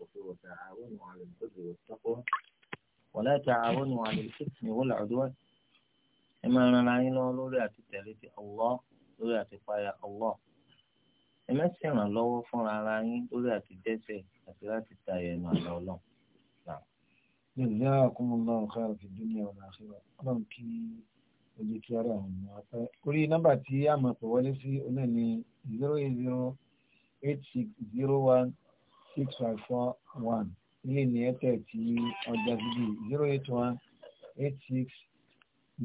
والصفر وتعاونوا على البر والتقوى ولا تعاونوا على الإثم والعدوان إما أنا لا لوري أتتلتي الله لوري أتفايا الله إما سيما الله فنا لعين لوري أتدسي أتلاتي تايما الله جزاكم الله خير في الدنيا والآخرة ọlọ́run كي o jẹ́ kí ara àwọn ọmọ apẹ́ orí nọ́mbà tí a mọ̀ pé wọlé sí onáà zero eight zero eight six zero one six five four one ilé ní airtel ti ọjà gidi zero eight one eight six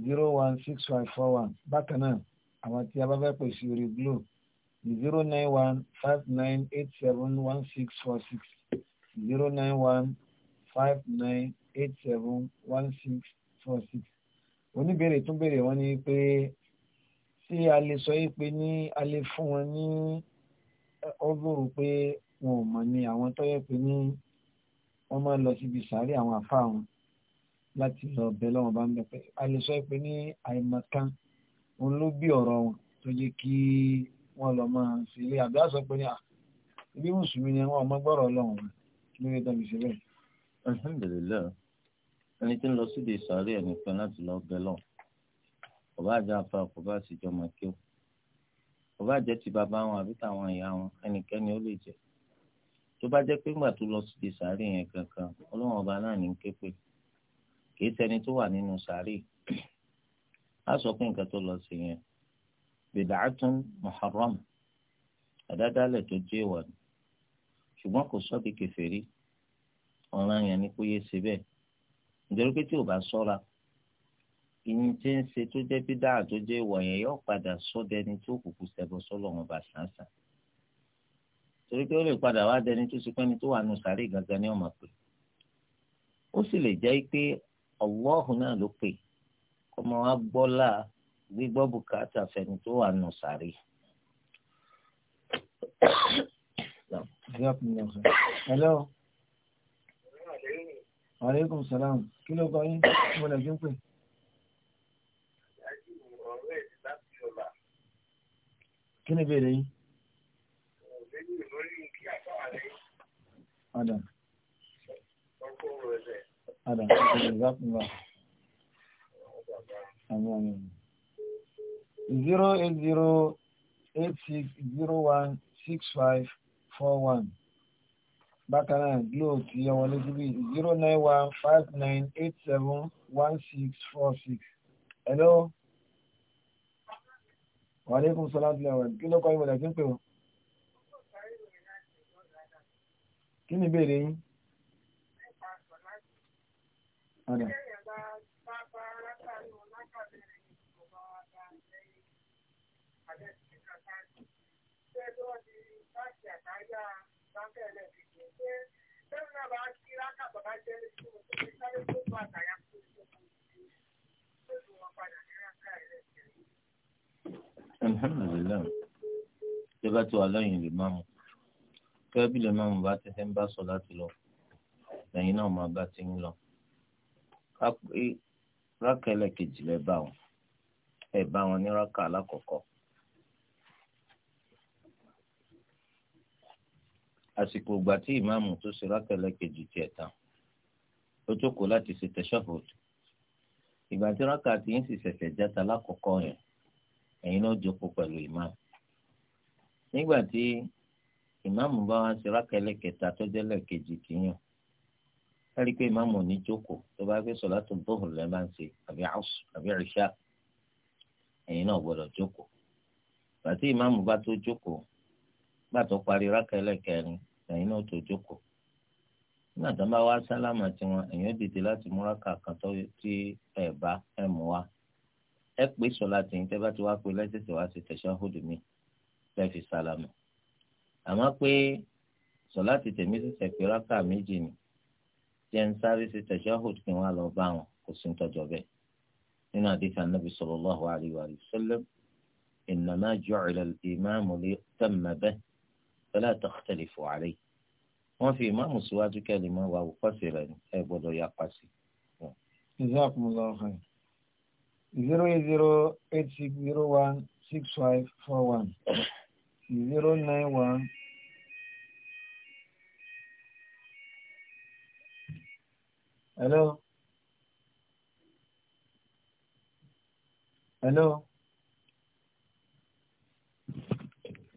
zero one six five four one bákan náà àwọn tí a bá fẹ́ pè sí orí glo zero nine one five nine eight seven one six four six zero nine one five nine eight seven one six four six oníbèrè tún béèrè wọn ni pé ṣé a lè sọ yìí pé ní a lè fún wọn ní ọgọ́rùn pé wọn ò mọ̀ ní àwọn tọ́yẹ̀ pé ní wọ́n máa ń lọ síbi sàárè àwọn àfa wọn láti lọ bẹ lọ́wọ́n bá ń bẹ pé a lè sọ pé ní àìmọ̀kan òun ló bí ọ̀rọ̀ wọn tó jẹ́ kí wọ́n lọ máa ṣe ilé àbí àṣọ pé ní ilé mùsùlùmí ni wọ́n ọmọ gbọ́rọ̀ ọlọ́run lórí tọ́bi sílẹ̀. alhamdulilayi ẹni tí ń lọ síbi sàárè ẹnìkan láti lọ bẹ lọ kò bá afa kò bá sì jọ máa kí o kò bá ti bàbá wọn àbí tàwọn ìyá wọn ẹnikẹ́ni ó lè jẹ tó bá jẹ́ pé gbà tó lọ sí sàárè yẹn kankan ọlọ́run ọba náà ní képe kì í ṣẹni tó wà nínú sàárè á sọ pé nǹkan tó lọ sí yẹn bid'atun muharram àdádálẹ̀ tó jẹ́ ìwà ni ṣùgbọ́n kò sọ́ di kèfèrí ọ̀ràn yẹn ni kó yé ṣe bẹ́ẹ̀ nítorí pé tí ò bá sọ́ra ìyìn tí ń ṣe tó jẹ́ bídà tó jẹ́ ìwà yóò padà sọ́dẹni tó kùkù ṣẹbọ sọ́lọ́run ọba ṣàǹṣàn torí pé ó lè padà wá dẹni tó ṣe pé ẹni tó wà nù sàárè gangan ni ọmọ pé ó sì lè jẹ́ pé ọ̀wọ́ọ̀hún náà ló pè kó mọ wá gbọ́lá gbígbọ́ bùkátà fẹni tó wà nù sàárè. hello. aleykum salaam kí ló kọ yín mo lè gbé pè. kí ni ìbéèrè yín. Adam. Adam. Adam. Amen. Zero eight zero eight six zero one six five four one. Bákan náà Glo ti ọmọ lójú bí zero nine one five nine eight seven one six four six. Hello. Wàhálà ikú sọlá ti lẹ̀ kí ló kọ́ ìwọ̀n ẹ̀ ń pè wọ́n. kí ni ìbéèrè yín. ọ̀dà. alhamdulilayi tí o wà lẹ́yìn lè máa mú kẹ́bí lè máa mú bá tẹ́tẹ́ ń bá sọ láti lọ lẹ́yìn náà máa bá ti ń lọ. rákà ẹlẹ́kejì lẹ bá wọn ẹ bá wọn ní rákà alákọ̀ọ́kọ́. àsìkò ìgbà tí ìmáàmù tó ṣe rákà ẹlẹ́kejì tiẹ̀ tán ó jókòó láti ṣe tashahhud ìgbà tí rákà ti ń sì ṣẹ̀ṣẹ̀ játa lákọ̀ọ́kọ́ yẹn ẹ̀yin náà jókòó pẹ̀lú ìmáàmù nígbà tí ìmáàmù bá wá sí rákẹ́lẹ́ kẹta tó jẹ́ erike tìyàn kárí pé ìmáàmù ní jókòó tó bá gbé sọ̀lá tó bọ́ọ̀lù lẹ́ máa ń ṣe àbí àṣù àbí joko ẹ̀yin náà gbọ́dọ̀ jókòó bàtí ìmáàmù bá tó jókòó tó parí rákẹ́lẹ́ kẹrin náà tó jókòó nígbà tó bá wá sálámà tiwọn ẹ̀yin ó dìde láti tó ẹ̀ bá ẹ̀ mú wa tẹ́ bá ti wá pé lẹ́sẹ̀sẹ̀ wá sí àmọ́ pé sọlá ti tẹ̀mí sí sẹ̀kúrákà méjì ni tí ẹ̀ ń sáré sí tẹ̀síọ́hùd kí wọ́n lọ bá wọn kò sí ń tọ́jọ́ bẹ́ẹ̀ nínú àdìsí anábì sallallahu alayhi wa sallam innama ju'ila al-imamu liyu'tamma bihi fala takhtalifu alayhi wọ́n fi ìmáàmù síwájú kẹ́lẹ́ mọ́ wa wò pàṣẹ rẹ̀ ẹ gbọ́dọ̀ yá pàṣẹ. jazakumullahu zero nine one hello hello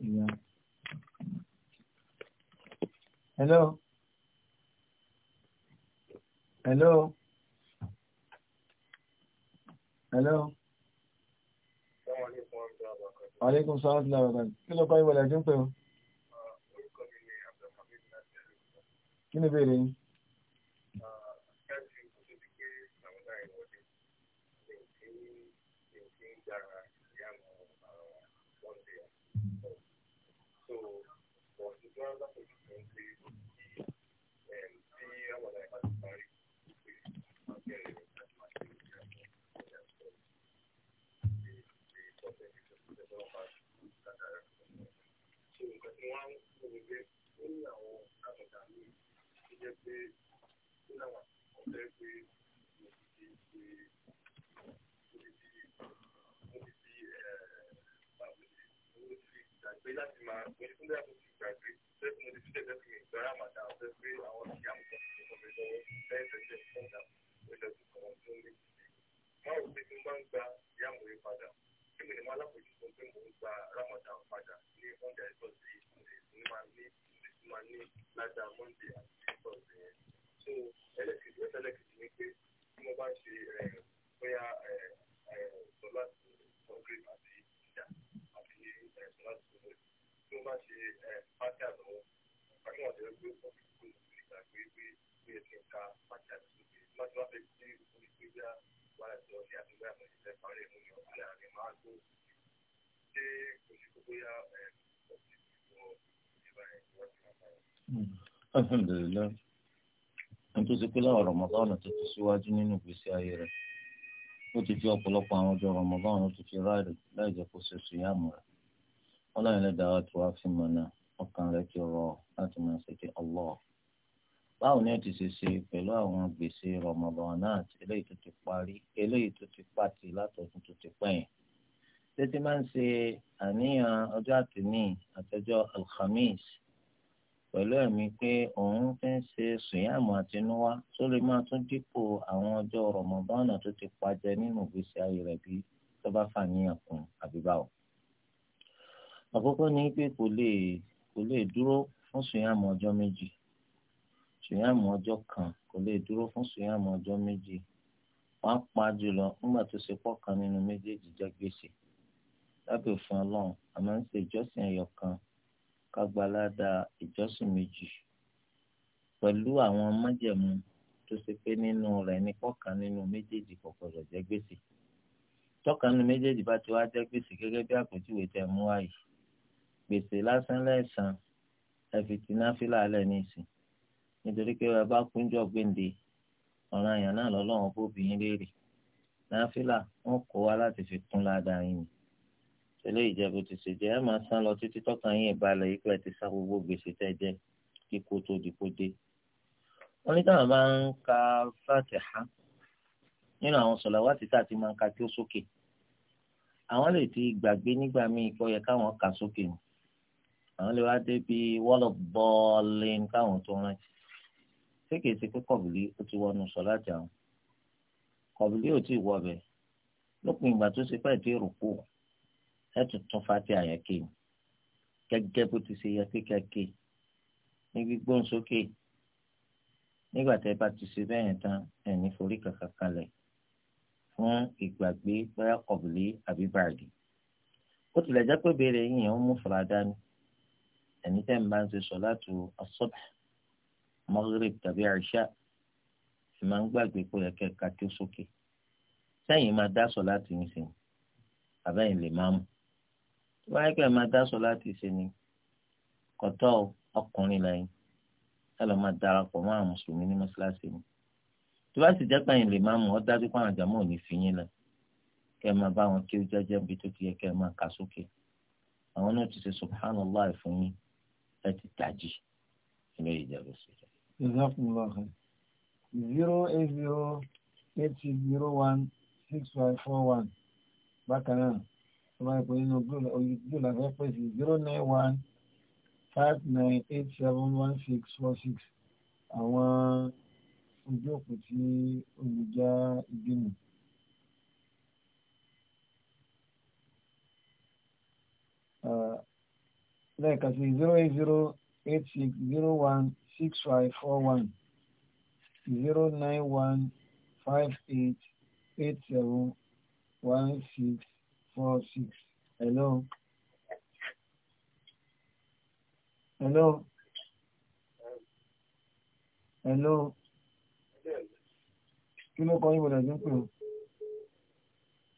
yeah hello hello hello Aleykum salaam lára ọ̀gá. Kí ló kọ́ ìwọ̀lẹ̀ ẹ̀jẹ̀ ń pè ọ́? Kí ni ìbéèrè yín? Thank padà kí ni mo alákòóso pé mo ń gba ramadan padà ní oúnjẹ ìtọ́sí máa ní máa ní lájà monday àti thursday yẹn so ẹlẹ́kìtì mẹ́ta ẹlẹ́kìtì ni pé tí wọ́n bá ṣe bóyá sọlá ọ̀gbìn àti ìjà àti sọlá tuntun tí wọ́n bá ṣe pátí a pátí àti ẹgbẹ́ ọ̀gbìn kò ní ìgbà pé pé pé ẹ̀sìn ká pátí àti sókè láti wá fẹ́ gbé orí pé bí wàá ẹ̀sìn ọ̀sẹ̀ àti bóyá àwọn ìṣẹ̀lẹ̀ pàrọ̀ ẹ̀mú ni ọ̀gá máa tó ṣe kò sí kó bóyá alhamdulilayi nítorí pé láwọn rọmọdánù tó ti síwájú nínú ìgbésí ayé rẹ̀ ó ti fi ọ̀pọ̀lọpọ̀ àwọn ọjọ́ rọmọdánù ó ti fi ráàdì láì jẹ́ kó ṣe sùyàmù wọn láyìn tó wá fi náà ọkàn ti láti tẹ́tí máa ń ṣe àníyàn ọjọ́ àtìní àtọjọ́ alhamis pẹ̀lú ẹ̀mí pé òun ti ń ṣe sùyàmù àtinúwá tó lè máa tún dípò àwọn ọjọ́ rọ̀mọ̀bọ́nà tó ti pàjẹ́ nínú ìgbésí ayé rẹ̀ bí tó bá fàníyàn kún àbíbáwò. àkọ́kọ́ ni pé kò lè kò lè dúró fún sùyàmù ọjọ́ méjì sùyàmù ọjọ́ kan kò lè dúró fún sùyàmù ọjọ́ méjì wọ́n á pa jùlọ nígbà tó ṣe pọ̀ kan nínú méjèèjì jẹ́ gbèsè lábẹ́ òfin ọlọ́run a máa ń ṣe ìjọsìn ẹ̀yọ̀ kan ká gba ládà ìjọsìn méjì pẹ̀lú àwọn májẹ̀mú tó ṣe pé nínú rẹ̀ ní kọ̀ọ̀kan nínú méjèèjì kò gbọdọ̀ jẹ́ gbèsè tọ́kan nínú méjèèjì bá ti wá jẹ́ gbèsè gẹ́gẹ́ bí àpèjúwe tẹ̀ mú wáyé gbèsè lásán lẹ́sàn ẹ fi ti náfìlà alẹ́ ní ìsìn nítorí pé ẹ bá kúnjọ gbèǹde ọ̀ràn àyàn náà lọ́lọ́run bóbi yín léèrè náfìlà wọn kọ́ wa láti fi kún ládàá yín ni eléyìí jẹ́ bó ti ṣe jẹ́ ẹ máa san lọ títí tọ́kàn yín ìbalẹ̀ yìí pẹ́ ti sá gbogbo gbèsè tẹ́ jẹ́ kíkó tó dìpó dé. wọ́n ní táwọn máa ń ka fàtìhá nínú àwọn sọ̀làwátì tá a ti máa ń ka kí ó sókè àwọn lè ti gbàgbé nígbà míì kọ́ yẹ káwọn kà sókè ni àwọn lè wá débi wọ́lọ̀ bọ́ọ̀lì káwọn tó rántí ṣé kìí pé kọ̀bìlì ó ti wọnú sọ̀láàtì àwọn kọ̀bìlì ò tí ì wọ bẹ́ẹ̀ lópin ìgbà tó ṣe pẹ́ẹ́ dé rùkú ẹ tún tún fati àyànké ni gẹ́gẹ́ bó ti ṣe yẹ kékeré ní gbígbón sókè nígbà tẹ bá ti ṣe bẹ́ẹ̀ yẹn tán ẹ̀ní forí kankan kalẹ̀ fún ìgbàgbé bóyá kọ̀bùlé àbí báàgì ó tilẹ̀ jẹ́ pé béèrè yìnyín ó mú fura dání ẹ̀ní tẹ́ ń bá ń ṣe sọ̀látù asọ́bà mọ́gírì tàbí àṣà ẹ̀ máa ń gbàgbé pé ẹ̀kẹ́ kakí sókè sẹ́yìn máa dá sọ̀látù yín sí àbẹ́yìn lè máa mú wáyé pé máa dá sọ láti ṣe ni kọ̀tọ́ ọkùnrin lẹ́yìn ẹ lọ́ọ́ máa darapọ̀ mọ́ àwọn mùsùlùmí ní mọ́ṣáláṣí ni tó bá sì jẹ́ pẹ̀yìn lè máa mú ọ dájú pé àwọn àjàmọ́ ò ní fi yín lẹ̀ kẹ́ ẹ máa bá wọn kí ó jẹ́jẹ́ bí tó ti yẹ kẹ́ ẹ máa kà sókè àwọn náà ti ṣe subhanallah fún yín ẹ ti dàjì ilé ìjẹ́bù sí i. jazakumullahu zero eight zero eight six zero one six five four one bákan náà tó bá pè nínú ojú la fẹ́ pèsè zero nine one five nine eight seven one six four six àwọn ojú òpó tí olùjá ìgbìmọ̀. lẹ́ẹ̀kan sí zero eight zero eight six zero one six five four one zero nine one five eight eight seven one six four six hello hello hello kí ló kọ́ yín bọ̀dọ̀ tó ń pè ó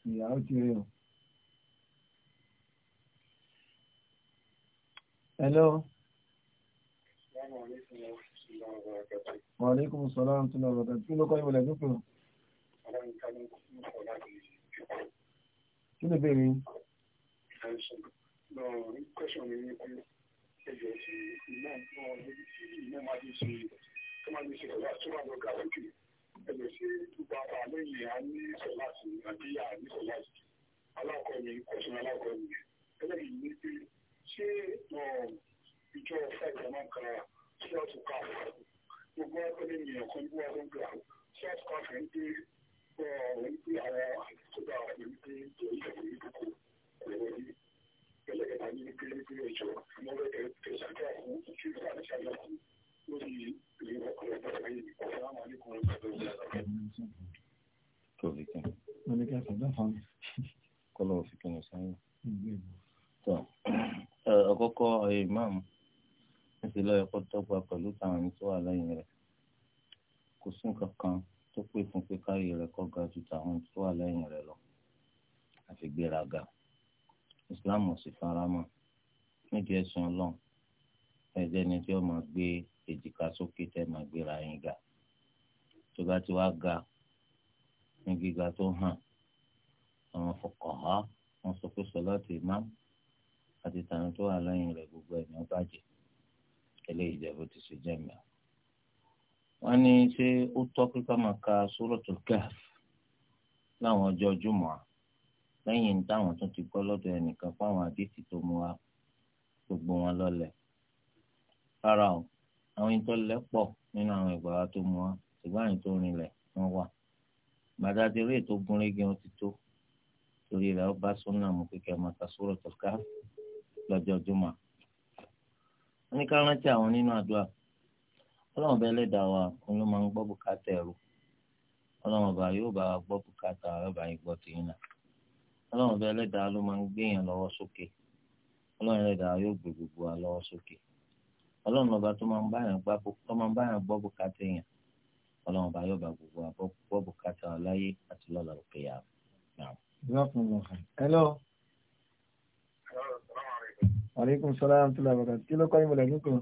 ìyàwó ti rí o. hello. Wa alaikum salaam tó lọ́wọ́ kí ló kọ́ yín bọ̀dọ̀ tó ń kí ló bèèrè yín. alákọ̀ọ́ni kọ̀sùn ìlọ ẹ̀kọ́ dọ́gba pẹ̀lú táwọn ẹni tó wà lẹ́yìn rẹ̀ kò sí nǹkan kan tó pè fún pé káyé rẹ̀ kọ́ ga ju tàwọn tó wà lẹ́yìn rẹ̀ lọ àfi gbéraga islam ò sì fara mọ́ nídìí ẹ̀sùn ọlọ́run ẹ̀jẹ̀ ni tí ó máa gbé èjìká sókè tẹ́ máa gbéra yín ga tó bá ti wá ga ní gíga tó hàn àwọn fuqaha wọn sọ pé sọláàtì imam àti tàwọn tó wà lẹ́yìn rẹ̀ gbogbo ẹ̀ ní ó eléyìí jẹ́ bó ti ṣe jẹ́ mìíràn wọ́n ní ṣé ó tọ́ pípa máa ka Suratul Kahf láwọn ọjọ́ jùmọ̀ lẹ́yìn táwọn tún ti kọ́ lọ́dọ̀ ẹnìkan fáwọn àdéhìí tó mú wa gbogbo wọn lọ́lẹ̀ rárá o àwọn ìtọ́ lẹ́pọ̀ nínú àwọn ìgbà wa tó mú wa ṣùgbọ́n àyìn tó rinlẹ̀ wọ́n wà gbàdájọ eré tó gúnrégé wọn ti tó torí rẹ̀ ó bá súnà mú kíkẹ́ máa ka Suratul Kahf lọ́jọ́ jùmọ̀ wọ́n ní ká rántí àwọn nínú àdúrà. ọlọ́run bẹ́ẹ̀ alụmọ wa òun ló máa ń gbọ́ bùkátà ẹ̀rù ọlọ́run ọba yóò bá gbọ́ bùkátà yìí gbọ́ náà ọlọ́run ló máa ń lọ́wọ́ sókè ọlọ́run yóò gbogbo wa lọ́wọ́ sókè ọlọ́run tó máa gbogbo wa gbọ́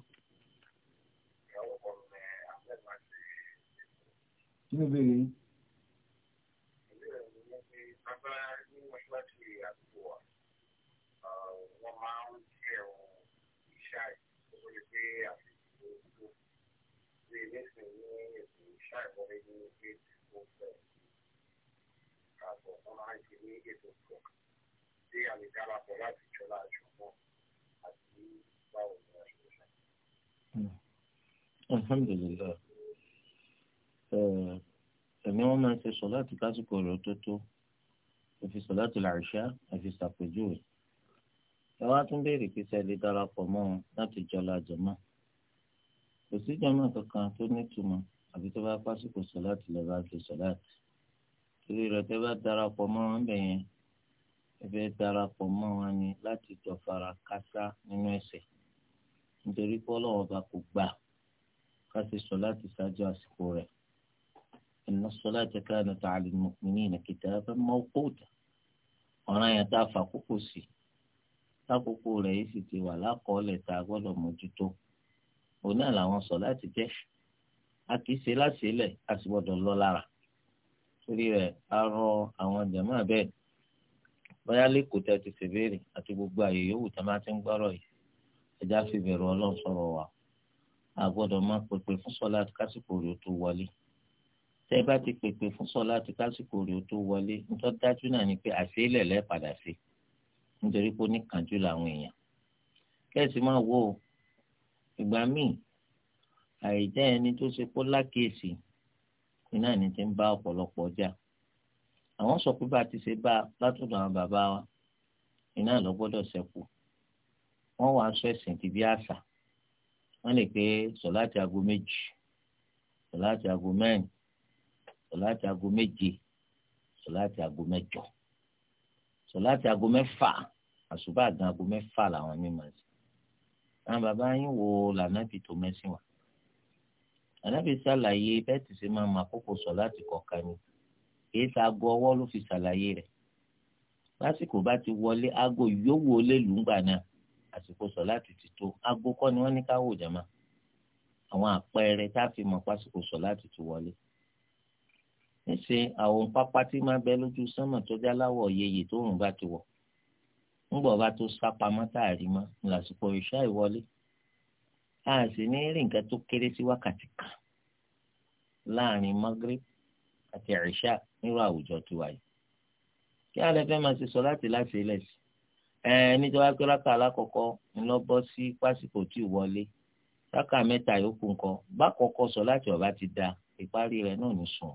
nínú ìbéèrè yìí. tí a tẹ̀mí wọn máa ń ṣe sọ láti kásìkò rẹ̀ tó tó òfin sọ láti làrìṣà àfi ṣàpèjúwe ẹ wá tún béèrè pé sẹ́ẹ̀ lè darapọ̀ mọ́ wọn láti jọlọ àjọmọ́ kò sí jọmọ́ kankan tó nítumọ̀ àbí tó bá pásìkò sọ láti lè bá fi sọ láti torí rẹ̀ tẹ́ bá darapọ̀ mọ́ wọn bẹ̀ yẹn ẹ fẹ́ darapọ̀ mọ́ wọn ni láti jọ fara kásá nínú ẹ̀ṣẹ̀ nítorí pé bá kò gbà ká ti sọ láti ṣáájú àsìkò rẹ̀ inna as-salata kanat 'ala al-mu'minina kitaban mawquta ọ̀ràn yẹn tá a fà kókò sí lákòókò rẹ̀ yìí sì ti wà lákọọ́lẹ̀ tá a gbọ́dọ̀ mójútó òun náà làwọn sọ láti jẹ́ a kì í ṣe láṣìílẹ̀ a sì gbọ́dọ̀ lọ lára torí rẹ̀ a rọ àwọn jàmáà bẹ́ẹ̀ bóyá lẹ́kọ̀ọ́ tẹ́ ti ṣèbéèrè àti gbogbo àyè yòówù tẹ́ máa ti ń gbọ́rọ̀ yìí ẹja fi bẹ̀rù ọlọ́run sọ̀rọ̀ wa a gbọ́dọ̀ máa pèpè fún sọ́lá kásìkò rẹ̀ tó wọlé tẹ́ bá ti pèpè fún sọ láti kásìkò rẹ̀ tó wọlé tó dájú náà ni pé àṣeélẹ̀ lẹ́ẹ̀ padà sí nítorí pé ó ní kánjú làwọn èèyàn kẹ́sì máa wò ó ìgbà míì àìjẹ́ ẹni tó ṣe kó lákèésì iná ni ti ń bá ọ̀pọ̀lọpọ̀ ọjà àwọn sọ pé bá a ti ṣe bá a látọ̀dọ̀ àwọn bàbá wa iná ló gbọ́dọ̀ ṣẹ́kù wọ́n wàá sọ ẹ̀sìn ti bí àṣà wọ́n lè pé sọ láti aago méjì sọ láti aago mẹ́rin sọláàtì aago méje sọláàtì aago mẹ́jọ sọláàtì aago mẹ́fà àṣùbà gan aago mẹ́fà làwọn mímọ̀ sí àwọn bàbá yín wo lànàbì tó mẹ́sìn wá lànàbì ṣàlàyé bẹ́ẹ̀ tí ṣe máa mọ àkókò sọláàtì kọ̀ọ̀kan ni kìí sa aago ọwọ́ ló fi ṣàlàyé rẹ̀ lásìkò bá ti wọlé aago yòówù ó lè náà àsìkò sọláàtì ti tó aago kọ́ ni wọ́n ní ká wò jàmá àwọn àpẹẹrẹ tá a fi mọ̀ pásìkò sọláàtì ti wọlé níṣẹ àwọn pápá tí máa bẹ lójú sánmà tó já láwọ yeye tó rùn bá ti wọ ńgbọ bá tó sá pamọ́ táàrí mọ lásìkò ìṣá ìwọlé a sì ní rí nǹkan tó kéré sí wákàtí kan láàrin magrib àti ìṣá nírú àwùjọ tiwa yìí kí alẹ́ fẹ́ máa ṣe sọ láti láti lẹ́sì ẹ̀ nítorí pé rákà alákọ̀ọ́kọ́ ńlọ sí pásítọ̀ tí ì rákà mẹ́ta yòókù ńkọ bá kọ́kọ́ sọ láti ọ̀bá ti da ìparí rẹ̀ náà ní sùn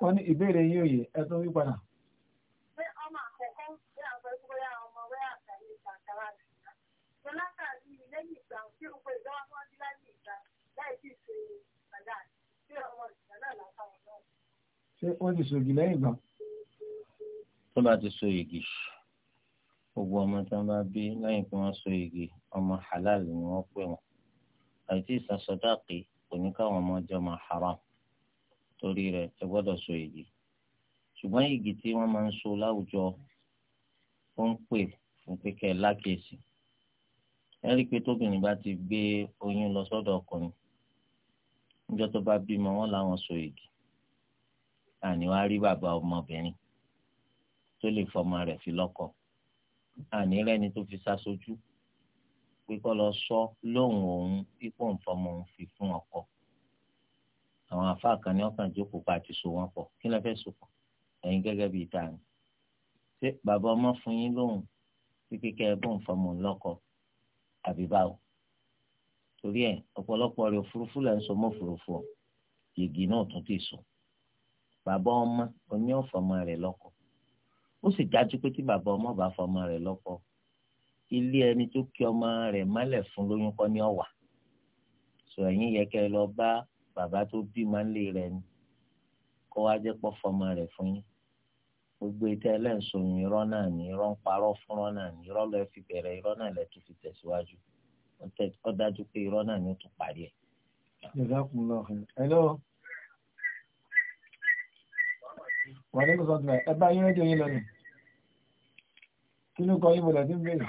wọ́n ní ìbéèrè yín òye ẹ tún wí padà. ọmọ àkọ́kọ́ bí àwọn ẹgbẹ́ bóyá ọmọ rẹ̀ àtàlẹ́ ìtàkàrà rẹ̀ ṣe látàrí lẹ́yìn ìgbà tí ó pé ìdáwọ́ tí wọ́n ti lẹ́yìn ìgbà láì sì ṣe ìgbàdá tí ọmọ ìgbà náà látàwọn náà. ṣé wọ́n ti lẹ́yìn ìgbà? tó bá ti so igi gbogbo ọmọ tí wọ́n bá bí lẹ́yìn pé wọ́n so igi ọmọ halal ni wọ́n pè wọ́n àìtí ìsàsọdáàpé kò ní káwọn ọmọ jọ máa haram torí rẹ̀ ẹ gbọ́dọ̀ so igi ṣùgbọ́n igi tí wọ́n máa ń so láwùjọ ó ń pè fún pípẹ́ lákèsì ẹ rí i pé tóbìnrin bá ti gbé oyún lọ sọ́dọ̀ ọkùnrin níjọ́ tó bá bímọ wọ́n làwọn so igi àní wàá rí bàbá ọmọbìnrin tó lè fọmọ rẹ̀ fi lọ́kọ àní rẹ́ni tó fi ṣaṣojú pé kọ́ lọ sọ lóhùn òun pípọ̀ nfọmọ òun fi fún ọkọ àwọn àfa kan ní ọkàn jókòó pa àti so wọn pọ̀ kí lẹ fẹ́ so pọ̀ ẹ̀yin gẹ́gẹ́ bíi ta ni ṣé bàbá ọmọ fún yín lóhùn sí kíkẹ́ ẹbùn nfọmọ òun lọ́kọ àbí báwo torí ẹ̀ ọ̀pọ̀lọpọ̀ rẹ̀ òfurufú lẹ ń sọ mọ́ òfurufú ọ yègì náà tún ti sùn bàbá ọmọ oní ọ̀fọ̀mọ rẹ̀ lọ́kọ ó sì dájú pé tí bàbá ọmọ bá fọmọ rẹ̀ lọ́kọ ilé ẹni tó kí ọmọ rẹ̀ mọ́lẹ̀ fún lóyún kọ́ ní ọ̀wà sọ ẹ̀yìn yẹ kẹ́ ẹ lọ bá bàbá tó bí máa ń lè rẹ̀ ni kó wá jẹ́ pọ́ fọmọ rẹ̀ fún yín gbogbo ìtẹ́ ẹlẹ́ǹsọ̀yìn irọ́ náà ni irọ́ ń parọ́ fúnrọ́ náà ni irọ́ lọ́ọ́ fi bẹ̀rẹ̀ irọ́ náà lẹ́ẹ̀ tó fi tẹ̀síwájú ó dájú pé irọ́ náà ni ó parí ẹ̀. wà á sọ́dún ẹ̀ ẹ bá yín rédíò yín lọ nù kí ló kọ yín bọ̀dọ̀ tí ń bèèrè.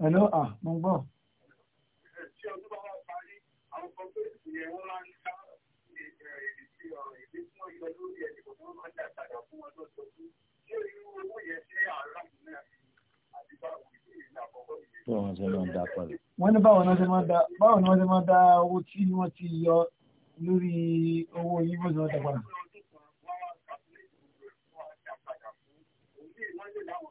Hello, ah, mo ń gbọ́. Ṣé ọdún bá wà parí, àwọn kan tó ìyẹn wọ́n máa ń ká ìdí ọ̀rọ̀ ìdí tí wọ́n yọ lórí ẹ̀dì kò tó máa ń dàgbàdà fún wọn lọ́sọ̀tún. Ṣé irú owó yẹn ṣe àárá náà àti báwo ìdí ìlà àkọ́kọ́ yìí? wọ́n ní báwo ni wọ́n ṣe máa dá owó tí wọ́n ti yọ lórí owó yìí bó ṣe wọ́n dàgbàdà. Wọ́n wá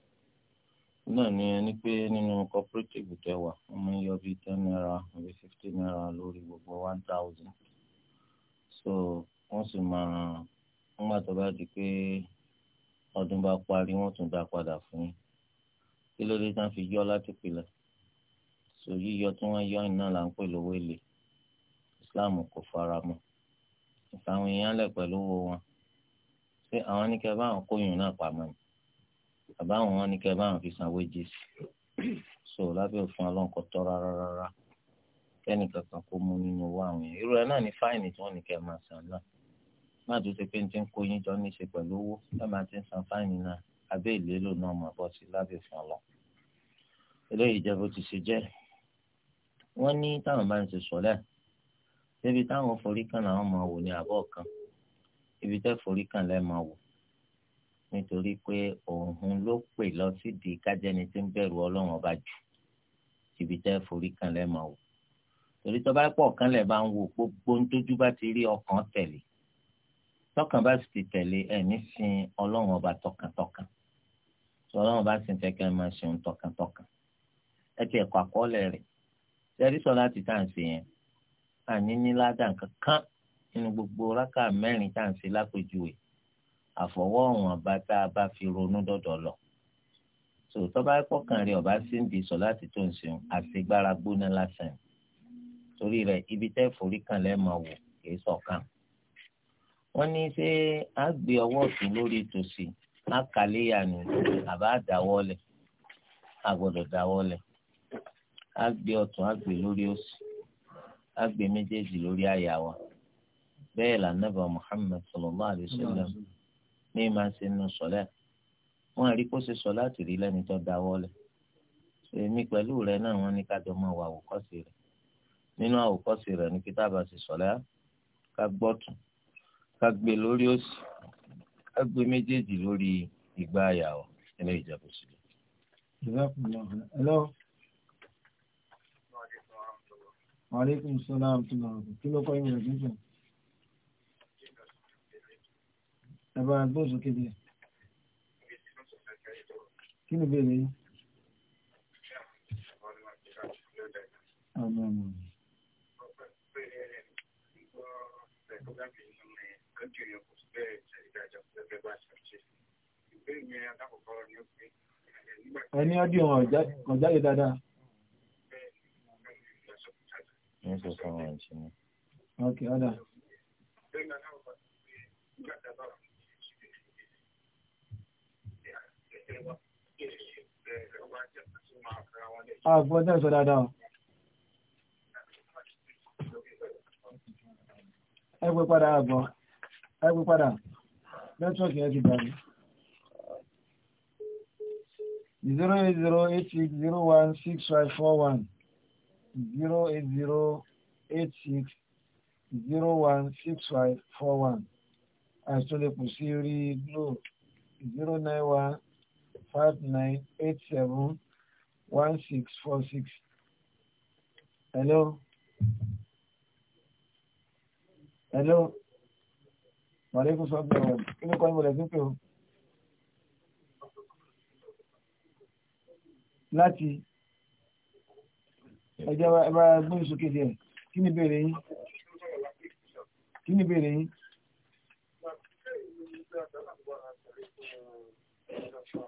náà ni ẹni pé nínú cooperative tẹwà wọ́n máa ń yọ bíi ten naira àbí fifteen naira lórí gbogbo one thousand so wọ́n sì máa nígbà tó bá di pé ọdún bá parí wọ́n tún dá padà fún yín kí ló dé tán fi yọ láti pilẹ̀ so yíyọ tí wọ́n yọ iná là ń pè lówó èlé Islam kò fara mọ́ ìfàwọn èèyàn lẹ̀ pẹ̀lú owó wọn ṣé àwọn ní kẹ bá àwọn kóyún náà pamọ́ ni bàbá àwọn wọn ní kẹ bá àwọn fi san wéjì sí so lábẹ́ òfin ọlọ́nkọ tọ́ rárá rárá kẹ́nì kankan kó mú nínú owó àwọn yẹn irú ẹ náà ní fáìnì tí wọ́n ní kẹ máa san náà má tó ṣe pé ní ti ń kó yín jọ ní ṣe pẹ̀lú owó lọ́mọ àti ń san fáìnì náà abẹ́ ìlélò náà máa bọ́ sí lábẹ́ òfin ọlọ́ eléyìí jẹ́ bó ti ṣe jẹ́ wọ́n ní táwọn bá ń ṣe sọ́lẹ̀ débi táwọn forí kan làwọn máa wò ní àbọ̀ kan ibi tẹ́ forí kan lẹ́ẹ̀ máa wò nítorí pé òun ló pè lọ sídìí kájẹni tí ń bẹ̀rù ọlọ́run ọba jù ibi tẹ́ forí kan lẹ́ máa wò torí tó bá pọ̀ kan lẹ̀ bá ń wò gbogbo ń tójú bá ti rí ọkàn tẹ̀lé tọkàn bá sì ti tẹ̀lé ẹ̀ nísìn ọlọ́run ọba tọkàntọkàn tí ọlọ́run ọba sì ń fẹ́ kí ẹ máa ṣeun tọkàntọkàn ẹ ti ẹ̀kọ́ àkọọ́lẹ̀ rẹ̀ sẹ́rí sọ láti tá à ń ṣe yẹn àní ní ládàá kankan nínú gbogbo rákà mẹ́rin tá à ń ṣe lápèjúwe àfọwọ́rùn ọba tá a bá fi ronú dọ̀dọ̀ lọ. tó tọ́ba ẹ̀kọ́ kan rí ọba sí ń di sọ láti tó ń sìn àṣegbára gbóná lásán torí rẹ̀ ibi tẹ́ forí kan lẹ́ẹ̀mọ wò kìí sọ̀kan. wọ́n ní ṣé a gbé ọwọ́ ọ̀tún lórí tòsí a kàléyà ni àbá dáwọ́lẹ̀ a gbọ́dọ̀ dáwọ́lẹ̀ a gbé ọ̀tún a gbé lórí òsì a gbé méjèèjì lórí àyà wa bẹ́ẹ̀ lànà bá Muhammad sallallahu alaihi ní ìmọ̀ ṣe nù sọ̀lẹ́ wọn àrí kó ṣe sọ láti rí lẹ́ni tó dáwọ́ lẹ̀ èmi pẹ̀lú rẹ náà wọ́n ní kájọ máa wà àwòkọ́sí rẹ̀ nínú àwòkọ́sí rẹ̀ ní kí tábà ṣe sọ̀lẹ́ ká gbọ́tù ká gbé lórí òsì ká gbé méjèèjì lórí ìgbà àyàwó ilé ìjọba òṣèlú. Wa alaikum salaam tó náà kí ló kọ́ ìwé ẹ̀gbẹ́ sọ̀rọ̀. ẹ̀bá gbóòsù kéde kí ni bèèrè yìí àmì àmì ẹni ọdún ọ̀hún ọ̀jáde dáadáa ní sọ fún àwọn ìṣẹ́ ok ọ̀dà. Thank you. Ah, Àgbọ́dọ̀ sọ dáadáa. Ẹgbẹ́ padà àgbọ̀. Ẹgbẹ́ padà. Nẹ́tíwọ̀kì ẹ ti bàrí. 08086016541 08086016541 Àìsàn lè kù sí orí Glo 091 five nine eight seven one six four six. Hello. Hello. Màlẹ́kùn sọ pé ọ̀rọ̀ kí ló kọ́ ní mọ̀lẹ́kùn pé o. Láti ẹjọ́ ẹ bá gbóyún sókè díẹ̀ kí ni ìbéèrè yín? Kí ni ìbéèrè yín? Thank you.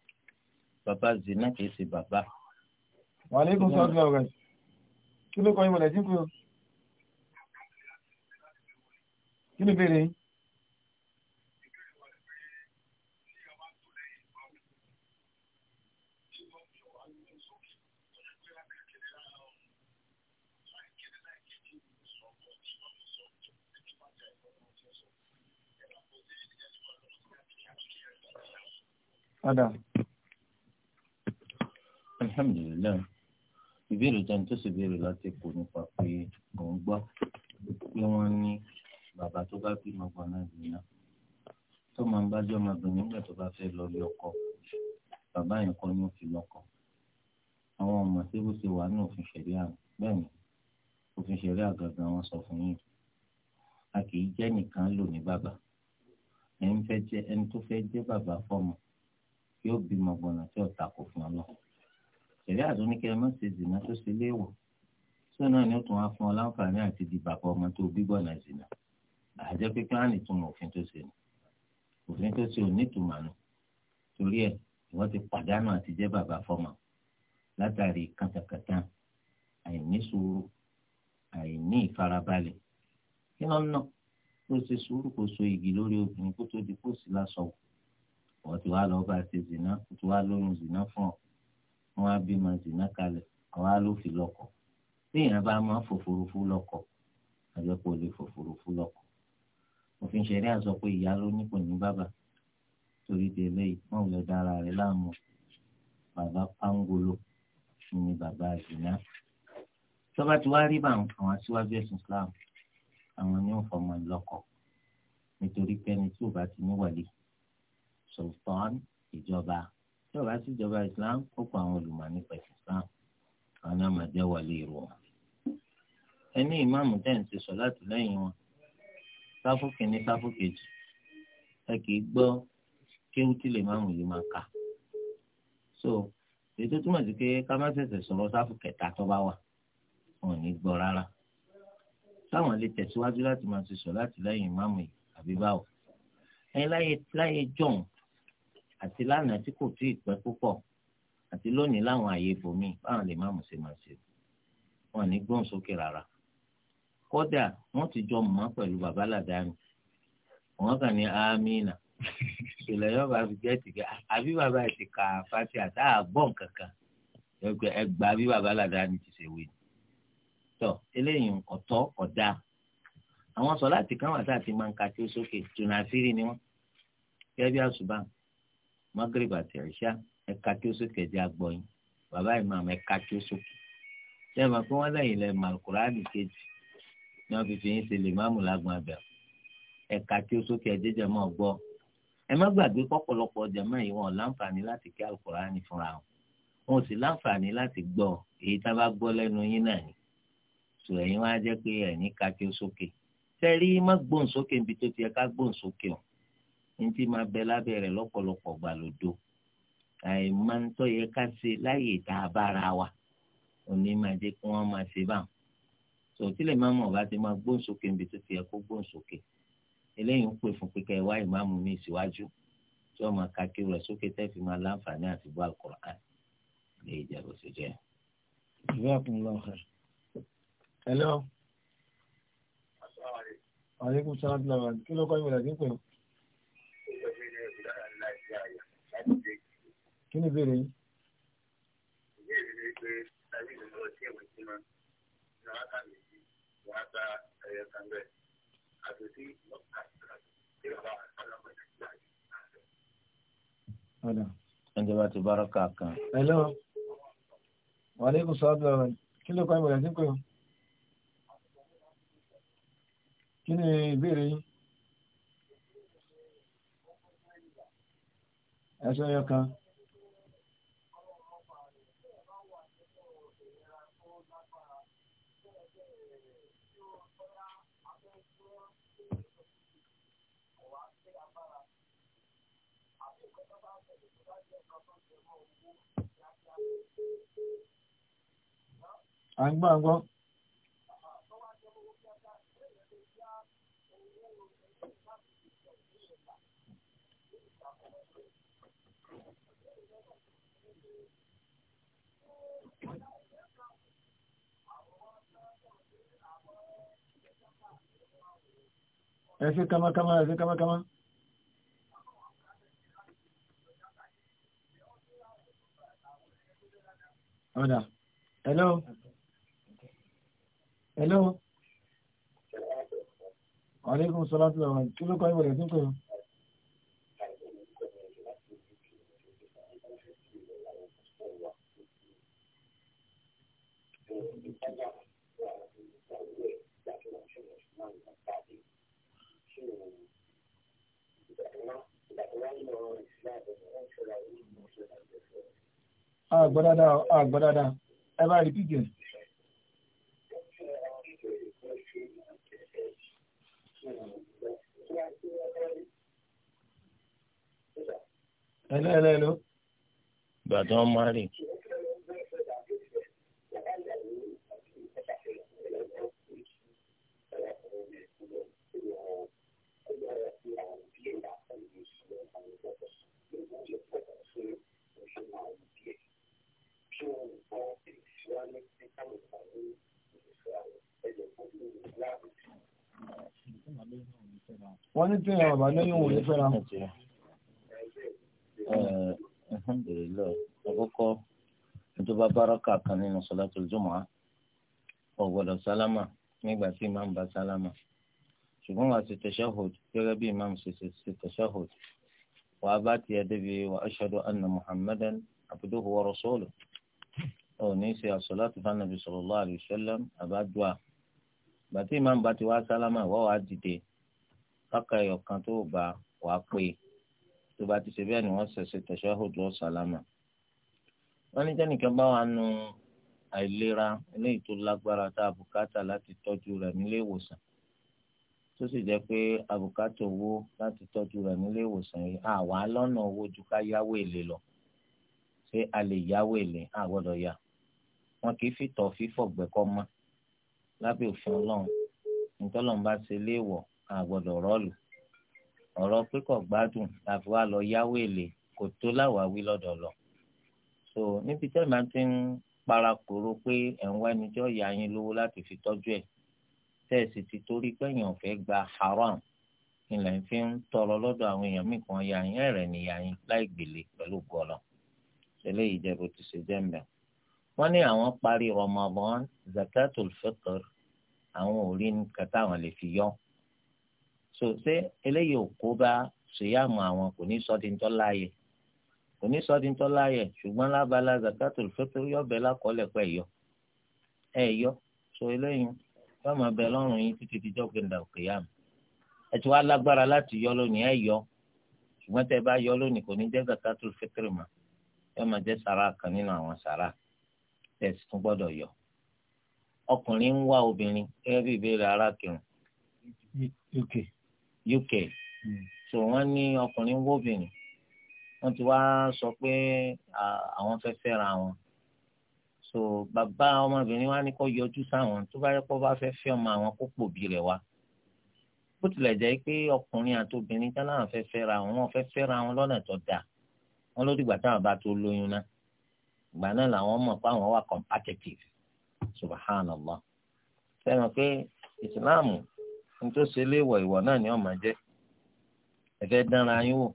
bàbá zina kì í ṣe bàbá. wàhálà ikùn sọ́ọ́dún náà rẹ̀ kí ló kọ́ ìmọ̀lẹ̀ dínkù kí ló béèrè yín. Adam alhamdulilayi ìbéèrè jẹun tó sì béèrè láti kó nípa pé mò ń gbọ́ pé wọ́n ní bàbá tó bá bímọ gan náà nìyà tó máa ń bá jẹ́ ọmọbìnrin nígbà tó bá fẹ́ lọ lé ọkọ bàbá yẹn kọ́ ní òfin lọ́kọ àwọn ọmọ tí bó ti wà ní òfin ṣẹ̀rí àrùn bẹ́ẹ̀ ni òfin ṣẹ̀rí àgàgà wọn sọ fún yín a kì í jẹ́ nìkan lò ní bàbá ẹni tó fẹ́ jẹ́ bàbá fọ́mọ yóò bímọ gbọ̀nà tí ọ̀tà kò fún ọ náà ṣẹ̀rí àdóníkẹ́ ẹ má ṣe zìnà tó ṣe léèwọ̀ ṣé náà ni ó tún wá fún ọ láǹfààní àti di bàbá ọmọ tó gbígbọ́ náà zìnà àjẹ́ pé kí á nìtumọ̀ òfin tó ṣe ni òfin tó ṣe ò nítumọ̀ nù torí ẹ̀ ìwọ́n ti pàdánù àti jẹ́ bàbá fọmọ látàrí kàtàkàtà àìní sùúrù àìní ìfarabalẹ̀ kí wọ́n ná kó ṣe sùúrù kó so igi lórí obìnrin kó tó di kó sì lásọ̀ wọ́n ti wá lọ́ọ́ bá ṣe zìnà kó tó wá lóyún zìnà fún ọ wọn á bí ma zina kalẹ̀ àwọn alófi lọ́kọ téèyàn bá máa fòfurufú lọ́kọ àjẹpọ̀ lè fòfurufú lọ́kọ òfin ṣẹlẹ̀ àsọ pé ìyá ló ní kò ní bàbá torí tẹ́lẹ̀ wọn ò lè dára rẹ̀ láàmú bàbá pangolo ni bàbá zina tọ́ba ti wá rí bá àwọn aṣíwájú ẹ̀sìn Islam àwọn ni ó fọmọ lọ́kọ nítorí pé ẹni tí ò bá ti ní wàlí sultan ìjọba tí ó bá sí ìjọba islam ó pa àwọn olùmọ̀ nípa ẹ̀sìn islam àwọn náà máa jẹ́ wàlẹ́ ìrù wọn. ẹni ìmáàmù tẹ̀ ń ṣe sọ láti lẹ́yìn wọn sáfù kìíní sáfù kejì ẹ kì í gbọ́ kéwú tí lè máàmù yìí máa kà. so ètò túmọ̀ sí pé ká má ṣẹ̀ṣẹ̀ sọ̀rọ̀ sáfù kẹta tó bá wà wọn ò ní gbọ́ rárá. táwọn lè tẹ̀síwájú láti máa ṣe sọ láti lẹ́yìn ìmáàmù yìí àbí báwo. ẹ láyé láyé jọ̀hún àti lánàá tí kò tí ì pẹ́ púpọ̀ àti lónìí láwọn àyè ibòmí báwọn lè má mú ṣe máa ṣe wọn ní gbóhùn sókè rárá kódà wọn ti jọ mọ pẹ̀lú bàbá làdáni wọn kàn ní amínà ìṣẹ̀lẹ̀ yóò bá fi jẹ tìkẹ àbí bàbá ẹ ti kà fati àtà àbọn kankan ẹ gbà bí bàbá làdáni ti ṣe wí tọ eléyìí ọ̀tọ̀ ọdá àwọn sọ láti kàn wà tá a ti máa ń ka tí ó sókè tùnà sírí ni wọn kẹbí àṣùbà magreba àti ẹ̀ṣá ẹ̀ka kí ó sókè jẹ́ agbọ́yìn bàbá imam ẹ̀ka kí ó sókè ṣé ẹ̀ma pé wọ́n lẹ́yìn lẹ́ malkurani kejì ni wọ́n fi fi yín ṣe lè máàmù lágbọ̀n abẹ́ ẹ̀ka kí ó sókè ẹ̀jẹ̀ jẹ́ mọ́ gbọ́ ẹ má gbàgbé pọ̀pọ̀lọpọ̀ jàmá yìí wọn láǹfààní láti kí alukurani fúnra wọn wọn ò sì láǹfààní láti gbọ́ èyí tá a bá gbọ́ lẹ́nu yín náà ni sọ ẹ̀yin wá jẹ́ pé ẹ̀yin ká kí ó sókè tẹ́rí má gbóhùn sókè níbi tó ti yẹ ká gbóhùn sókè o ntí máa bẹ lábẹ́ rẹ̀ lọ́pọ̀lọpọ̀ gbàlódò àìmọ́ntọ́ yẹ ká ṣe láyè tá a bára wa òní máa jẹ́ kí wọ́n máa ṣe báwọn sòtílẹ̀ máa mọ̀ bá ti máa gbóǹsókè níbi tó ti yẹ kó gbóǹsókè eléyìí ń pè fún pípẹ́ ìwá ìmáàmù mi síwájú tí wọ́n máa ka kí rẹ̀ sókè tẹ́fì máa láǹfààní àti bọ́ àlùkùránì lè jẹ́ bó ṣe jẹ́. ìwé àkùnlọ ọ̀hẹ́. hello. aleykum salaam kí ló kọ́ ìwé rẹ̀ dín pẹ̀lú. kí ni ìbéèrè yìí. ìbéèrè ni ti máa ń kan bẹ́ẹ̀ àti sí lọ́kà tí ó kí ló kọ́ ìbọ̀lẹ̀ sí kí ni ìbéèrè yìí. ẹ̀ṣọ́ ẹyọ kan. à ń gbọ́ gbọ́ ẹ̀ṣẹ́ kamakama ẹ̀ṣẹ́ kamakama ọ̀dà hello hello alaikum salatu wa kí ló kọ́ ìwọ̀lẹ̀ tí ń pè àgbàdàdà àgbàdàdà ẹ bá rí pígẹ̀. hello hello hello. ìgbà tí wọ́n máa rìn. wọ́n ní tí àwọn àbájá yóò wọlé fẹ́ra. alhamdulilayi àkọ́kọ́ nítorí bá bárọ́kà kan nínú sọ́látù jùmọ̀ á ò gbọ́dọ̀ sálámà nígbà tí màá ń bá sálámà ṣùgbọ́n wàá ti tashahhud gẹ́gẹ́ bí imam ṣe ṣe ṣe tashahud wàá bá tiẹ̀ débi wa ashhadu anna muhammadan abduhu wa rasuluhu ò ní ṣe àṣọláàtì fanabi sallallahu alaihi wasallam àbájúà bàtí imam bá ti wá sálámà wọ́n wàá dìde káka ẹ̀yọ̀ kan tó bá wàá pè tó bá ti ṣe bẹ́ẹ̀ ni wọ́n ṣẹ̀ṣẹ̀ tashahud lọ́ọ́ sálámà wọ́n ní jẹ́nìkan bá wà nù àìlera eléyìí tó lágbára tá a bùkátà láti tọ́jú rẹ̀ nílé ìwòsàn tó sì jẹ́ pé àbùkátà owó láti tọ́jú rẹ̀ nílé ìwòsàn yìí àwa lọ́nà owó ju ká yáwó èlé lọ ṣé a lè yáwó èlé a gbọ́dọ̀ yá wọn kì í fìtọ̀ fífọ̀gbẹ́kọ́ mọ́ lábẹ́ òfin ọlọ́run nítọ́lọ́run bá ṣe léèwọ̀ a rọ́ọ̀lù ọ̀rọ̀ pípọ̀ gbádùn láfi wá lọ yáwó èlé kò tó láwàáwí lọ́dọ̀ lọ so níbi tẹ́lẹ̀ máa ti ń parakòrò pé ẹ̀ ń wá ẹni tí tẹ́ẹ̀sì ti torí pé èèyàn fẹ́ gba haram ilẹ̀ fi ń tọrọ lọ́dọ̀ àwọn èèyàn míì kan ya yín ẹ̀rẹ̀ níyà yín láì gbèlè pẹ̀lú gọ́lọ̀ ṣẹlẹ̀ yìí jẹ́ bó ti ṣe jẹ́ mbẹ́. wọ́n ní àwọn parí Ramadan zakatul fitr àwọn ò rí nǹkan táwọn lè fi yọ. so ṣé eléyìí ò kó bá ṣèyàmù àwọn kò ní sọ́ọ́ di ń tọ́ láàyè kò ní sọ́ọ́ di ń tọ́ láàyè ṣùgbọ́n lábala zakatul fitr yọ̀bẹ̀ lákọ́lẹ̀ pẹ̀ yọ ẹ̀ yọ so eléyìí yóò máa bẹ lọ́rùn yín títí dijọ́ ya òkèèyàn ẹ ti wá lágbára láti yọ lónìí ẹ yọ ṣùgbọ́n tẹ bá yọ lónìí kò ní jẹ́ zakatul ma. mọ́ ma máa sara kan nínú àwọn sàrà sì yọ ọkùnrin ń wá obìnrin gẹ́gẹ́ bí ìbéèrè UK UK hmm. so wọn ní ọkùnrin ń wá obìnrin sọ pé àwọn wọn so bàbá ọmọbìnrin wa ní kó yọjú sáwọn tó bá yẹ kó bá fẹ́ fẹ́ ọmọ àwọn kó pòbí rẹ̀ wá bó tilẹ̀ jẹ́ pé ọkùnrin àti obìnrin tán láwọn fẹ́ fẹ́ra wọn wọn fẹ́ fẹ́ra wọn lọ́nà tó dáa wọn ló dìgbà táwọn bá tó lóyún náà ìgbà náà làwọn mọ̀ pé àwọn wà compatible subhanallah sẹ́nu pé ìsìláàmù ní tó ṣe léèwọ̀ ìwọ̀ náà ni ọmọ jẹ́ ẹ fẹ́ dánra yín wò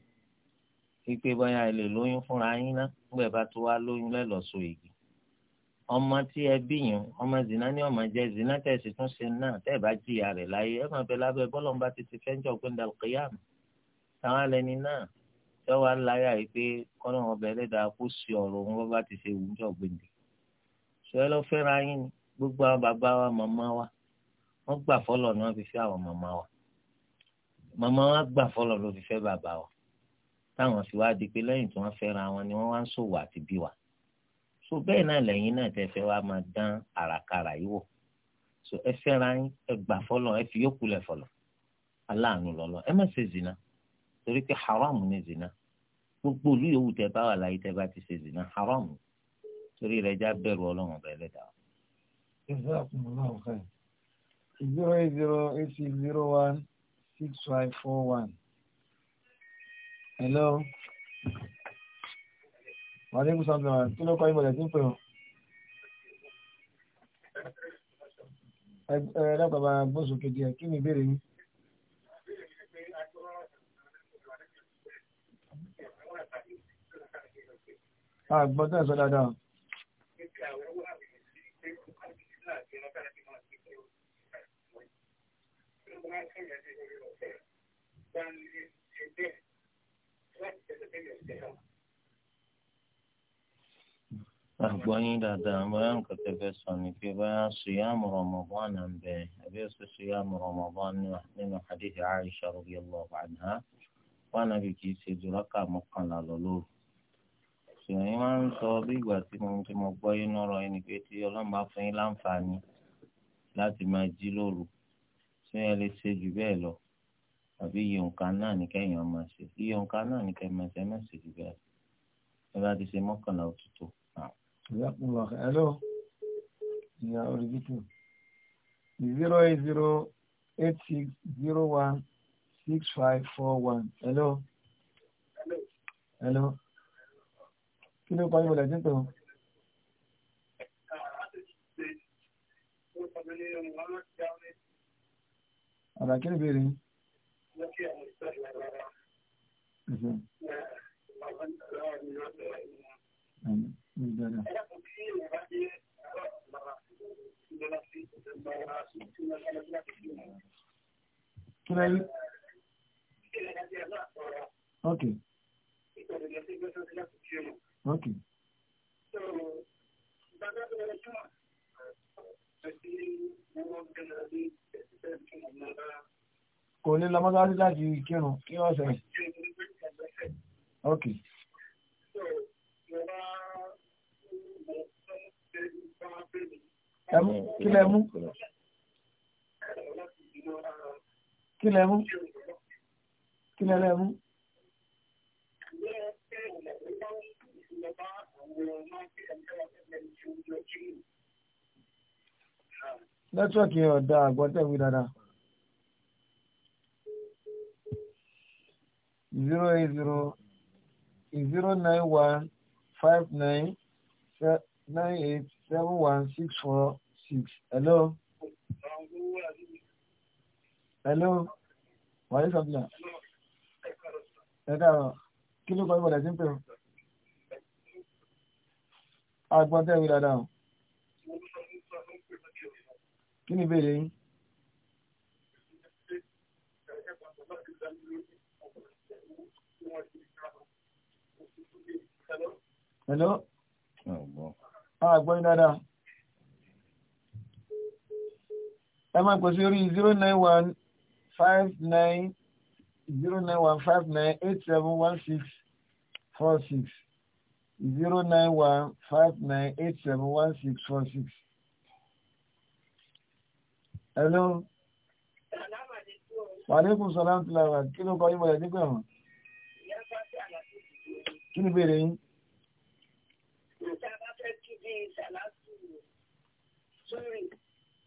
wípé bóyá ẹ lè lóyún fúnra yín ná nígbà bá tó wá lóyún lẹ́lọ́sọ igi ọmọ tí ẹ bí yín ọmọ zina ni ọmọ jẹ zina tẹsí tún ṣe náà tẹ bá jìyà rẹ̀ láyé ẹ máa bẹ lábẹ́ bọlọmọba títí fẹjọ gbẹndà kéyàm táwọn alẹni náà tẹ wà láyà yìí pé kọ́nà ọbẹ̀ ẹlẹ́dàá kó sí ọ̀rọ̀ òun bọ́ba ti ṣe òun gbẹndì ṣọ ẹ lọ fẹ́ra yín gbogbo àwọn bàbá wa màmá wa wọ́n gbà fọlọ̀ ni wọ́n fi fẹ́ àwọn màmá wa màmá wa gbà fọlọ̀ ló fi fẹ́ bàbá wa táwọn sì wá di pé lẹ́yìn tí wọ́n fẹ́ra wọn ni wọ́n so bẹ́ẹ̀ náà lẹ́yìn náà tẹ́ fẹ́ wá máa dán àràkàrà yìí wò so ẹ fẹ́ra yín ẹ gbà fọlọ ẹ fi yókù lẹ̀ fọlọ aláàánú lọ́lọ́ ẹ má ṣe zina torí pé haram ni zina gbogbo olú yòówù tẹ bá wà láyé tẹ bá ti ṣe zina haram torí rẹ já bẹ̀rù ọlọ́run ọ̀bẹ ẹlẹ́dà. zero eight zero eight six zero one six five four one hello wà ní kùsà náà kí ló kọ́ ìmọ̀lẹ̀ tí ń pè ọ́. ẹ ẹ dábàbà bóṣù kejì ẹ kí ni ìbéèrè yín. àgbọ̀tán sọ dáadáa. gbọ́ yín dáadáa bóyá nǹkan tẹ́ fẹ́ sọ ni pé bóyá ṣùyàmù Ramadan náà ń bẹ àbí ẹ̀sọ́ ṣùyàmù Ramadan nínú hadith Aisha radiyallahu anha wọn nàbì kì í ṣe jùlọ ká mọ́kànlá lọ lóru. ṣùgbọ́n yín máa ń sọ bí ìgbà tí mo ti mọ gbọ́ yín lọ́rọ̀ yín ni pé tí Ọlọ́run bá fún yín ìyàkùnlọ hello ìyá òrìbìtì zero eight zero eight six zero one six five four one hello hello kí ló parí wọlé ẹ̀jẹ̀ tó. Ọ̀rọ̀ akẹ́lẹ̀ bèèrè yìí. Amen. Kílẹ̀rí. Ok. Ok. Kò ní lọ mọ́sálásí láti kírun kí ọ̀sẹ̀. Ok. okay. lẹ mú kí lẹ mú kí lẹ lẹ mú. nẹ́tíwọ̀kì ọ̀dà àgbọ̀ntẹ́wì dáadáa. zero eight zero zero nine one five nine nine eight seven one six four hello hello wàlẹ́ sọ́bìlà ẹ káàárọ̀ kí ló kọ́ ìbọ̀dà sí ń pè ọ́ àgbọ̀n tẹ́ ìwé dáadáa kí ni ìbéèrè yín. hello àgbọ̀n dáadáa. ẹ máa pèsè orí zero nine one five nine zero nine one five nine eight seven one six four six zero nine one five nine eight seven one six four six. hello. wàlékún sọlá ń tilẹ̀ kí ló kọ́ yín bọ̀lẹ̀ nígbà kí ni ìbéèrè yín. ìta bá fẹ́ kí bí sàlásù sórí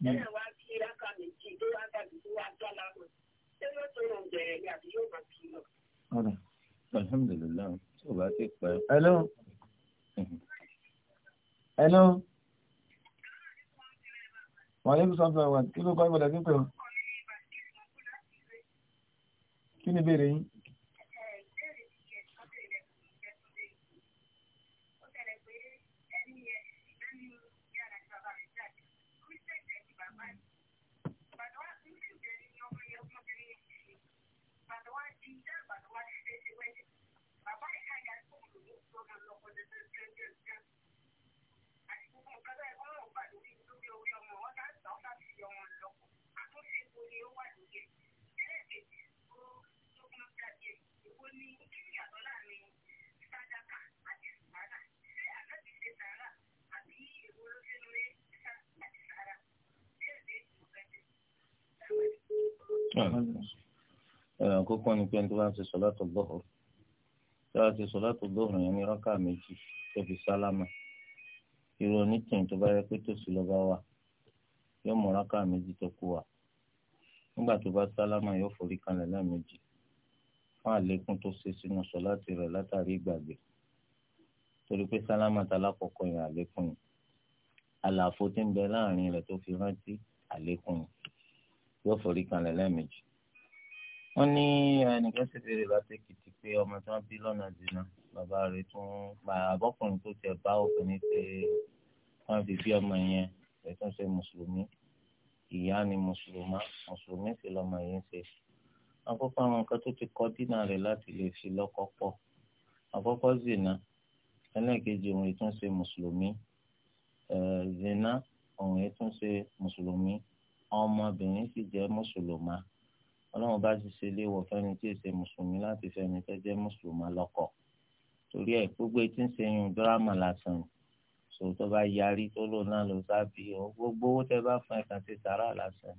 hmm. ẹ̀rẹ̀ wá kí rákà méjì tó wá dàbí tó wá dá láwọn ṣé yóò tó ràn bẹ̀rẹ̀ ni àbí yóò máa kí lọ. alhamdulilayi tó bá ti pẹ́. hello. hello. wọ́n yẹ́ bí sọ́ńtà wà kí ló bá ìwọ̀dà sí pẹ̀lú. kí ni ìbéèrè yín. àkọ́kọ́ ni pé ẹni tó bá ń ṣe sọ́lá tó gbọ́ tó a ṣe sọ̀láàtù Zuhr yẹn ní rákà méjì tó fi sálámà irú onítìyìn tó bá yẹ pé tòsí lọ́ba wà yóò mú rákà méjì tó kù wá nígbà tó bá sálámà yóò forí kanlẹ̀ lẹ́ẹ̀mejì fún àlékún tó ṣe sínú sọ̀láàtì rẹ̀ látàrí ìgbàgbé torí pé sálámà tá lákọ̀ọ́kọ́ yẹn àlékún yìí àlàfo tí ń bẹ láàrin rẹ̀ tó fi rántí àlékún yìí yóò forí kanlẹ̀ lẹ́ẹ̀mejì wọ́n ní ẹnìkan ṣe fèrè láti èkìtì pé ọmọ tí wọ́n bí lọ́nà dìnnà bàbá rẹ̀ tún pa àbọ́kùnrin tó tiẹ̀ bá obìnrin pé wọ́n fi bí ọmọ yẹn rẹ̀ tún ṣe mùsùlùmí ìyá ni mùsùlùmá mùsùlùmí sì lọ́mọ yẹn ṣe àkọ́kọ́ àwọn nǹkan tó ti kọ́ dínà rẹ̀ láti lè fi lọ́kọ pọ̀ àkọ́kọ́ zina ẹlẹ́ẹ̀kejì òun ìtún ṣe mùsùlùmí zina òun ìtún ṣe mùsùlùmí ọmọbìnrin sì jẹ́ mùsùlùmá ọlọ́run bá sì ṣe léèwọ̀ fẹ́ni tí èsè mùsùlùmí láti fẹ́ni tó jẹ́ mùsùlùmá lọ́kọ torí ẹ̀ gbogbo etí ń ṣe yun dírámà lásán sòwò tó bá yarí tó lò náà ló sábì ó gbogbo owó tẹ bá fún ẹ̀ka ti sàrà lásán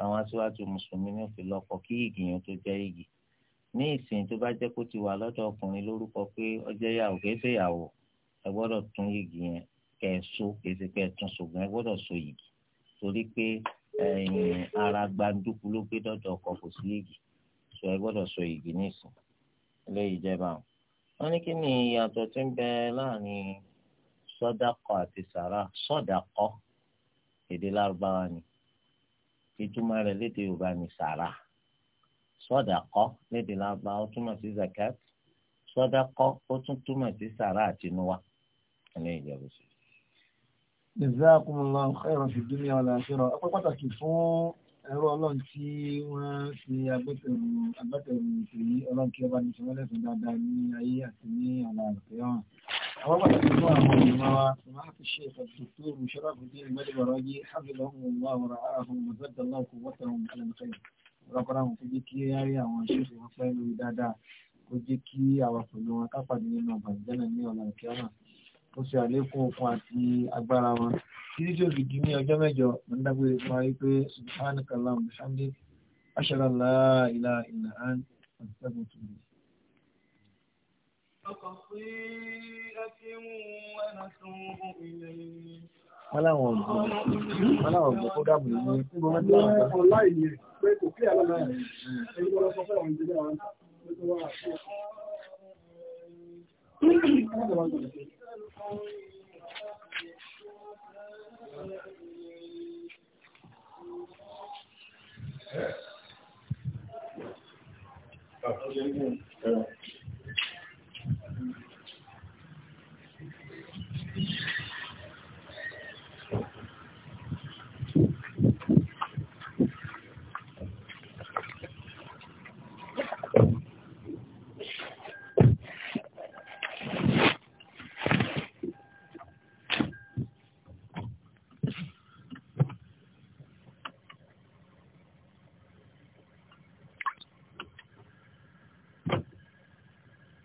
àwọn aṣíwájú mùsùlùmí ní òfin lọ́kọ kí ìgìyàn tó jẹ́ igi ní ìsìn tó bá jẹ́ kó ti wà lọ́dọ̀ ọkùnrin lórúkọ pé ọjẹ́ yàwó kìí ṣe yàwó ẹ gbọ́dọ̀ tún igi yẹn kẹ́ so kìí ṣe pé ẹ tún so gan ẹ gbọ́dọ̀ so igi torí pé ara gbanduku ló gbé dọ́dọ̀ ọkọ̀ kò sí igi sọ ẹ gbọ́dọ̀ sọ igi nísìn eléyìí jẹba o wọn ní kí ni ìyàtọ̀ tí ń bẹ láàrin sọdakọ àti sàrà sọdakọ èdè lárúbáwá ni ìtumọ̀ rẹ̀ lédè yorùbá ni sàrà sọdakọ lédè lárúbáwá ó túmọ̀ sí zakat sọdakọ ó tún túmọ̀ sí sàrà àtinúwá eléyìí jẹ bó ṣe. Jazakumullahu khairan fid dunya wal akhirah. Ọpẹ́ pàtàkì fún ẹ̀rọ ọlọ́run tí wọ́n ṣe agbẹ́tẹ̀rù agbẹ́tẹ̀rù ìṣèlú ọlọ́run kí ọba nìṣẹ́ wọ́n lẹ́sìn dáadáa ní ayé àti ní àlà àti ọ̀hún. Àwọn pàtàkì fún àwọn olùmọ̀ wa máa fi ṣe ìfẹ̀sùn tó rù Sharafuddin Mẹ́lẹ́bọ̀rọ́yé Hábìlọ́hùn Wàhùn Àhùn Mọ̀ ó ṣe àlékún okun àti agbára wọn títí tí ó fi di ní ọjọ́ mẹ́jọ mo ń dágbére fún wa wípé subhanakallah alhamdulilayi ashhadu an la ilaha illa anta astaghfiruka wọ́n láwọn ọ̀gbọ̀n wọ́n láwọn ọ̀gbọ̀n kó dàbò ní gbogbo ọ̀gbọ̀n. Yeah.